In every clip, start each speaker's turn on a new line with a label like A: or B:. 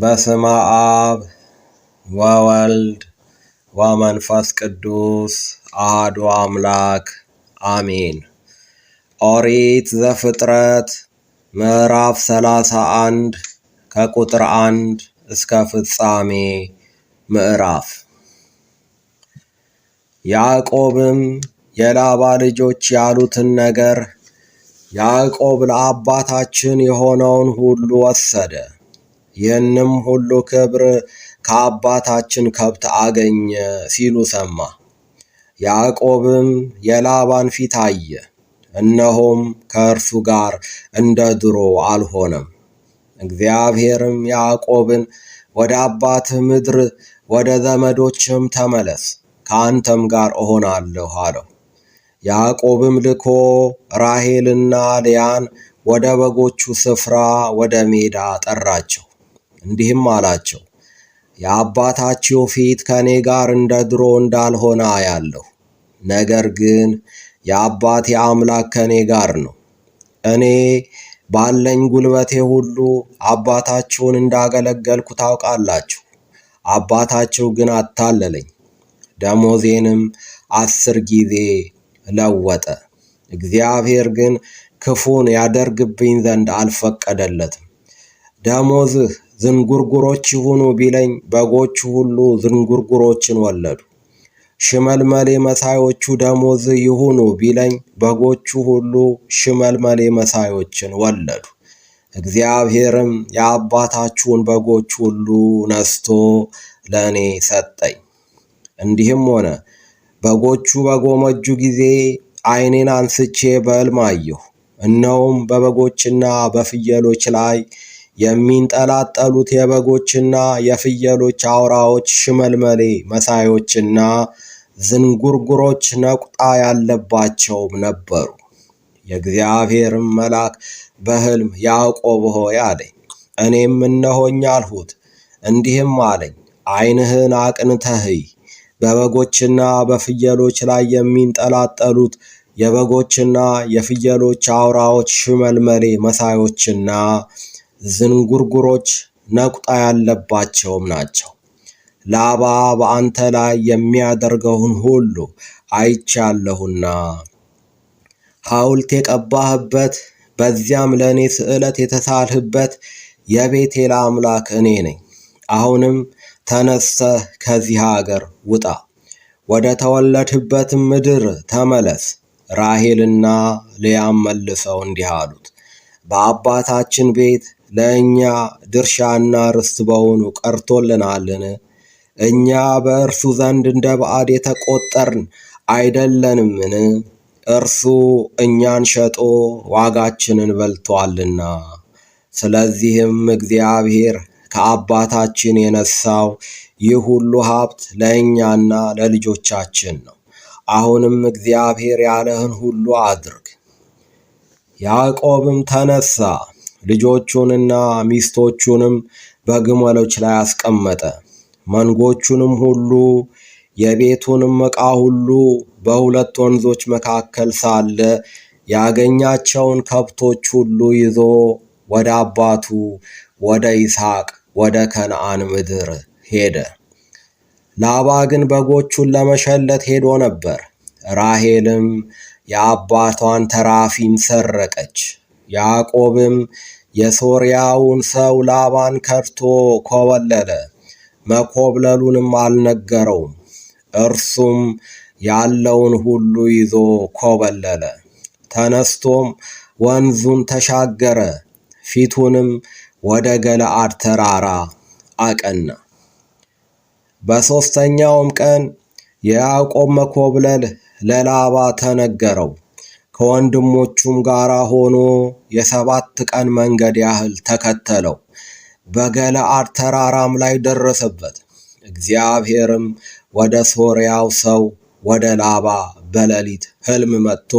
A: በስመ አብ ወወልድ ወመንፈስ ቅዱስ አሐዱ አምላክ አሜን። ኦሪት ዘፍጥረት ምዕራፍ ሰላሳ አንድ ከቁጥር አንድ እስከ ፍጻሜ ምዕራፍ ያዕቆብም የላባ ልጆች ያሉትን ነገር ያዕቆብ ለአባታችን የሆነውን ሁሉ ወሰደ። ይህንም ሁሉ ክብር ከአባታችን ከብት አገኘ ሲሉ ሰማ። ያዕቆብም የላባን ፊት አየ፣ እነሆም ከእርሱ ጋር እንደ ድሮ አልሆነም። እግዚአብሔርም ያዕቆብን ወደ አባትህ ምድር ወደ ዘመዶችም ተመለስ፣ ከአንተም ጋር እሆናለሁ አለው። ያዕቆብም ልኮ ራሄልና ልያን ወደ በጎቹ ስፍራ ወደ ሜዳ ጠራቸው። እንዲህም አላቸው፣ የአባታችሁ ፊት ከእኔ ጋር እንደ ድሮ እንዳልሆነ አያለሁ። ነገር ግን የአባቴ አምላክ ከእኔ ጋር ነው። እኔ ባለኝ ጉልበቴ ሁሉ አባታችሁን እንዳገለገልኩ ታውቃላችሁ። አባታችሁ ግን አታለለኝ፣ ደሞዜንም አስር ጊዜ ለወጠ። እግዚአብሔር ግን ክፉን ያደርግብኝ ዘንድ አልፈቀደለትም። ደሞዝህ ዝንጉርጉሮች ይሁኑ ቢለኝ በጎቹ ሁሉ ዝንጉርጉሮችን ወለዱ። ሽመልመሌ መሳዮቹ ደሞዝ ይሁኑ ቢለኝ በጎቹ ሁሉ ሽመልመሌ መሳዮችን ወለዱ። እግዚአብሔርም የአባታችሁን በጎች ሁሉ ነስቶ ለእኔ ሰጠኝ። እንዲህም ሆነ፣ በጎቹ በጎመጁ ጊዜ ዓይኔን አንስቼ በሕልም አየሁ፣ እነሆም በበጎችና በፍየሎች ላይ የሚንጠላጠሉት የበጎችና የፍየሎች አውራዎች ሽመልመሌ መሳዮችና ዝንጉርጉሮች ነቁጣ ያለባቸውም ነበሩ። የእግዚአብሔርም መልአክ በሕልም ያዕቆብ ሆይ አለኝ። እኔም እነሆኝ አልሁት። እንዲህም አለኝ፣ ዓይንህን አቅንተህይ በበጎችና በፍየሎች ላይ የሚንጠላጠሉት የበጎችና የፍየሎች አውራዎች ሽመልመሌ መሳዮችና ዝንጉርጉሮች ነቁጣ ያለባቸውም ናቸው። ላባ በአንተ ላይ የሚያደርገውን ሁሉ አይቻለሁና ሐውልት የቀባህበት በዚያም ለእኔ ስዕለት የተሳልህበት የቤቴል አምላክ እኔ ነኝ። አሁንም ተነስተህ ከዚህ አገር ውጣ፣ ወደ ተወለድህበትም ምድር ተመለስ። ራሄልና ልያም መልሰው እንዲህ አሉት፣ በአባታችን ቤት ለእኛ ድርሻና ርስት በሆኑ ቀርቶልናልን? እኛ በእርሱ ዘንድ እንደ ባዕድ የተቆጠርን አይደለንምን? እርሱ እኛን ሸጦ ዋጋችንን በልቶአልና። ስለዚህም እግዚአብሔር ከአባታችን የነሳው ይህ ሁሉ ሀብት ለእኛና ለልጆቻችን ነው። አሁንም እግዚአብሔር ያለህን ሁሉ አድርግ። ያዕቆብም ተነሳ ልጆቹንና ሚስቶቹንም በግመሎች ላይ አስቀመጠ። መንጎቹንም ሁሉ የቤቱንም ዕቃ ሁሉ በሁለት ወንዞች መካከል ሳለ ያገኛቸውን ከብቶች ሁሉ ይዞ ወደ አባቱ ወደ ይስሐቅ ወደ ከነአን ምድር ሄደ። ላባ ግን በጎቹን ለመሸለት ሄዶ ነበር። ራሔልም የአባቷን ተራፊም ሰረቀች። ያዕቆብም የሶርያውን ሰው ላባን ከድቶ ኮበለለ፣ መኮብለሉንም አልነገረውም። እርሱም ያለውን ሁሉ ይዞ ኮበለለ። ተነስቶም ወንዙን ተሻገረ፣ ፊቱንም ወደ ገለአድ ተራራ አቀና። በሦስተኛውም ቀን የያዕቆብ መኮብለል ለላባ ተነገረው። ከወንድሞቹም ጋር ሆኖ የሰባት ቀን መንገድ ያህል ተከተለው። በገለአድ ተራራም ላይ ደረሰበት። እግዚአብሔርም ወደ ሶርያው ሰው ወደ ላባ በሌሊት ሕልም መጥቶ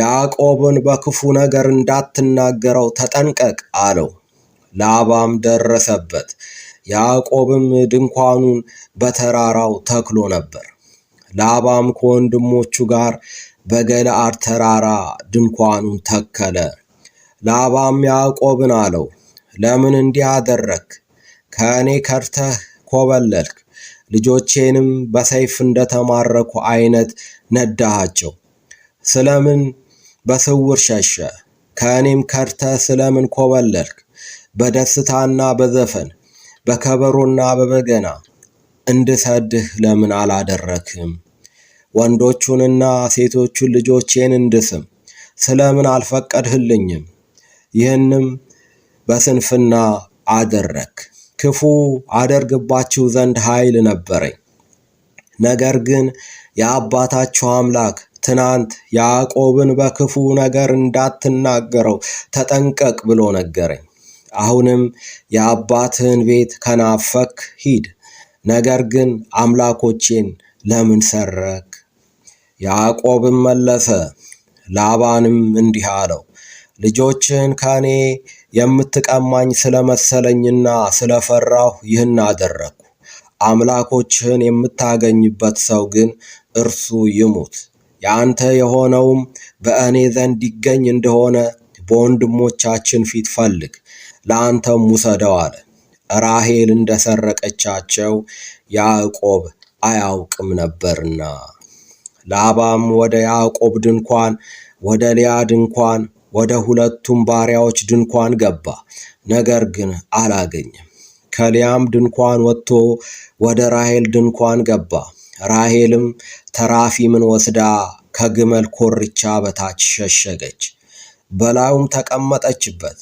A: ያዕቆብን በክፉ ነገር እንዳትናገረው ተጠንቀቅ አለው። ላባም ደረሰበት። ያዕቆብም ድንኳኑን በተራራው ተክሎ ነበር። ላባም ከወንድሞቹ ጋር በገለዓድ ተራራ ድንኳኑን ተከለ። ላባም ያዕቆብን አለው፣ ለምን እንዲህ አደረግ? ከእኔ ከርተህ ኮበለልክ፣ ልጆቼንም በሰይፍ እንደተማረኩ አይነት ነዳሃቸው። ስለምን በስውር ሸሸ? ከእኔም ከርተህ ስለምን ኮበለልክ? በደስታና በዘፈን በከበሮና በበገና እንድሰድህ ለምን አላደረክም? ወንዶቹንና ሴቶቹን ልጆቼን እንድስም ስለምን አልፈቀድህልኝም? ይህንም በስንፍና አደረክ። ክፉ አደርግባችሁ ዘንድ ኃይል ነበረኝ። ነገር ግን የአባታችሁ አምላክ ትናንት ያዕቆብን በክፉ ነገር እንዳትናገረው ተጠንቀቅ ብሎ ነገረኝ። አሁንም የአባትህን ቤት ከናፈክ ሂድ። ነገር ግን አምላኮቼን ለምን ሰረክ ያዕቆብም መለሰ፣ ላባንም እንዲህ አለው፣ ልጆችን ከእኔ የምትቀማኝ ስለመሰለኝና ስለፈራሁ ይህን አደረግኩ። አምላኮችህን የምታገኝበት ሰው ግን እርሱ ይሙት፣ የአንተ የሆነውም በእኔ ዘንድ ይገኝ እንደሆነ በወንድሞቻችን ፊት ፈልግ፣ ለአንተም ውሰደው አለ። ራሔል እንደሰረቀቻቸው ያዕቆብ አያውቅም ነበርና። ላባም ወደ ያዕቆብ ድንኳን፣ ወደ ሊያ ድንኳን፣ ወደ ሁለቱም ባሪያዎች ድንኳን ገባ፣ ነገር ግን አላገኘም። ከሊያም ድንኳን ወጥቶ ወደ ራሔል ድንኳን ገባ። ራሔልም ተራፊምን ወስዳ ከግመል ኮርቻ በታች ሸሸገች፣ በላዩም ተቀመጠችበት።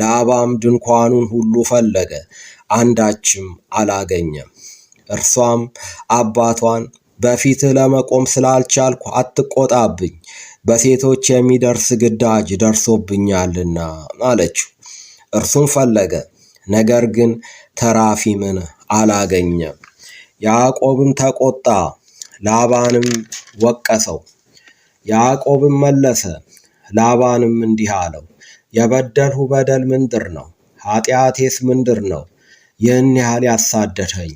A: ላባም ድንኳኑን ሁሉ ፈለገ፣ አንዳችም አላገኘም። እርሷም አባቷን በፊትህ ለመቆም ስላልቻልኩ አትቆጣብኝ፣ በሴቶች የሚደርስ ግዳጅ ደርሶብኛልና አለችው። እርሱም ፈለገ፣ ነገር ግን ተራፊምን አላገኘም። ያዕቆብም ተቆጣ፣ ላባንም ወቀሰው። ያዕቆብም መለሰ፣ ላባንም እንዲህ አለው፣ የበደልሁ በደል ምንድር ነው? ኃጢአቴስ ምንድር ነው? ይህን ያህል ያሳደደኝ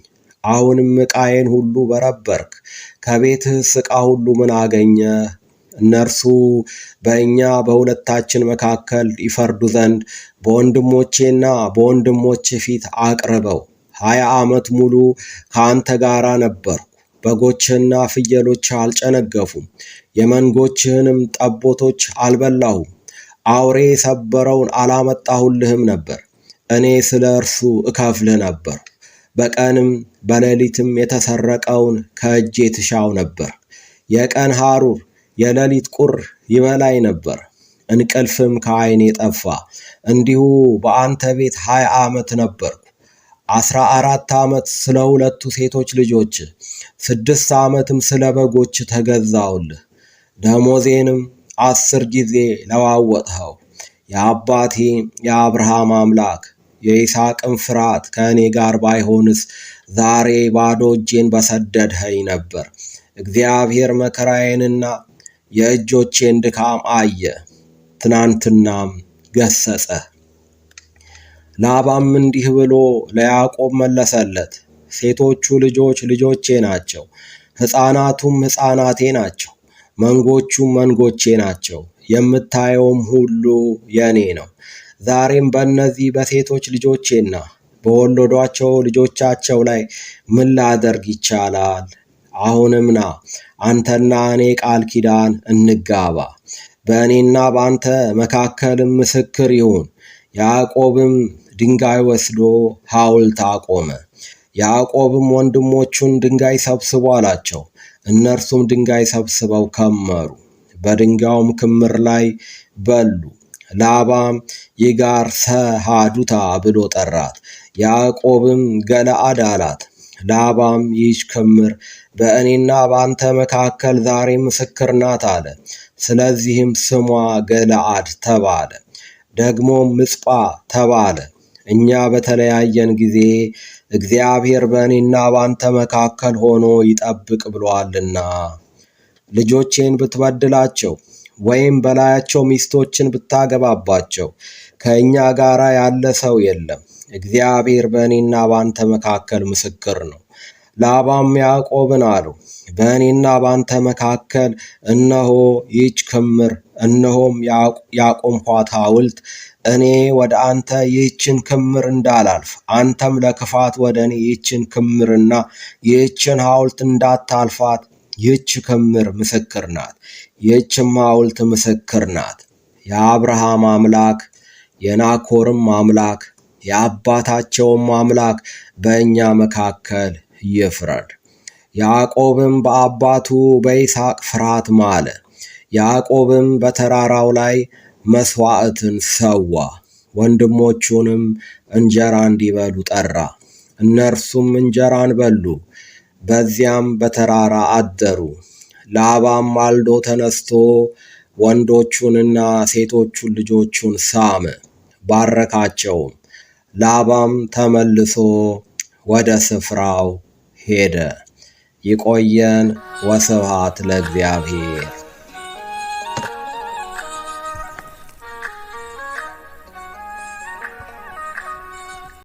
A: አሁንም ዕቃዬን ሁሉ በረበርክ፣ ከቤትህስ ዕቃ ሁሉ ምን አገኘ? እነርሱ በእኛ በሁለታችን መካከል ይፈርዱ ዘንድ በወንድሞቼና በወንድሞቼ ፊት አቅርበው። ሀያ ዓመት ሙሉ ከአንተ ጋር ነበርኩ። በጎችህና ፍየሎች አልጨነገፉም፣ የመንጎችህንም ጠቦቶች አልበላሁም። አውሬ የሰበረውን አላመጣሁልህም ነበር፣ እኔ ስለ እርሱ እከፍልህ ነበር። በቀንም በሌሊትም የተሰረቀውን ከእጄ ትሻው ነበር። የቀን ሐሩር የሌሊት ቁር ይበላይ ነበር፣ እንቅልፍም ከዐይኔ ጠፋ። እንዲሁ በአንተ ቤት ሀያ ዓመት ነበርኩ። አስራ አራት ዓመት ስለ ሁለቱ ሴቶች ልጆች፣ ስድስት ዓመትም ስለ በጎች ተገዛውልህ። ደሞዜንም አስር ጊዜ ለዋወጥኸው። የአባቴ የአብርሃም አምላክ የይስሐቅን ፍርሃት ከእኔ ጋር ባይሆንስ ዛሬ ባዶ እጄን በሰደድኸኝ ነበር። እግዚአብሔር መከራዬንና የእጆቼን ድካም አየ፣ ትናንትናም ገሰጸ። ላባም እንዲህ ብሎ ለያዕቆብ መለሰለት፣ ሴቶቹ ልጆች ልጆቼ ናቸው፣ ሕፃናቱም ሕፃናቴ ናቸው፣ መንጎቹም መንጎቼ ናቸው። የምታየውም ሁሉ የእኔ ነው። ዛሬም በእነዚህ በሴቶች ልጆቼና በወለዷቸው ልጆቻቸው ላይ ምን ላደርግ ይቻላል? አሁንም ና አንተና እኔ ቃል ኪዳን እንጋባ፣ በእኔና በአንተ መካከልም ምስክር ይሁን። ያዕቆብም ድንጋይ ወስዶ ሐውልት አቆመ። ያዕቆብም ወንድሞቹን ድንጋይ ሰብስቡ አላቸው። እነርሱም ድንጋይ ሰብስበው ከመሩ፣ በድንጋዩም ክምር ላይ በሉ። ላባም ይጋር ሰሃዱታ ብሎ ጠራት። ያዕቆብም ገለአድ አላት። ላባም ይህች ክምር በእኔና በአንተ መካከል ዛሬ ምስክር ናት አለ። ስለዚህም ስሟ ገለአድ ተባለ። ደግሞም ምጽጳ ተባለ። እኛ በተለያየን ጊዜ እግዚአብሔር በእኔና በአንተ መካከል ሆኖ ይጠብቅ ብሏልና ልጆቼን ብትበድላቸው ወይም በላያቸው ሚስቶችን ብታገባባቸው ከእኛ ጋር ያለ ሰው የለም፣ እግዚአብሔር በእኔና ባንተ መካከል ምስክር ነው። ላባም ያዕቆብን አሉ፣ በእኔና ባንተ መካከል እነሆ ይች ክምር፣ እነሆም ያቆምኳት ሐውልት። እኔ ወደ አንተ ይህችን ክምር እንዳላልፍ፣ አንተም ለክፋት ወደ እኔ ይህችን ክምርና ይህችን ሐውልት እንዳታልፋት ይህች ክምር ምስክር ናት፣ ይህችም ሐውልት ምስክር ናት። የአብርሃም አምላክ የናኮርም አምላክ የአባታቸውም አምላክ በእኛ መካከል ይፍረድ። ያዕቆብም በአባቱ በይስሐቅ ፍርሃት ማለ። ያዕቆብም በተራራው ላይ መሥዋዕትን ሰዋ፣ ወንድሞቹንም እንጀራ እንዲበሉ ጠራ። እነርሱም እንጀራን በሉ፣ በዚያም በተራራ አደሩ። ላባም ማልዶ ተነስቶ ወንዶቹንና ሴቶቹን ልጆቹን ሳመ፣ ባረካቸውም። ላባም ተመልሶ ወደ ስፍራው ሄደ። ይቆየን። ወስብሐት ለእግዚአብሔር።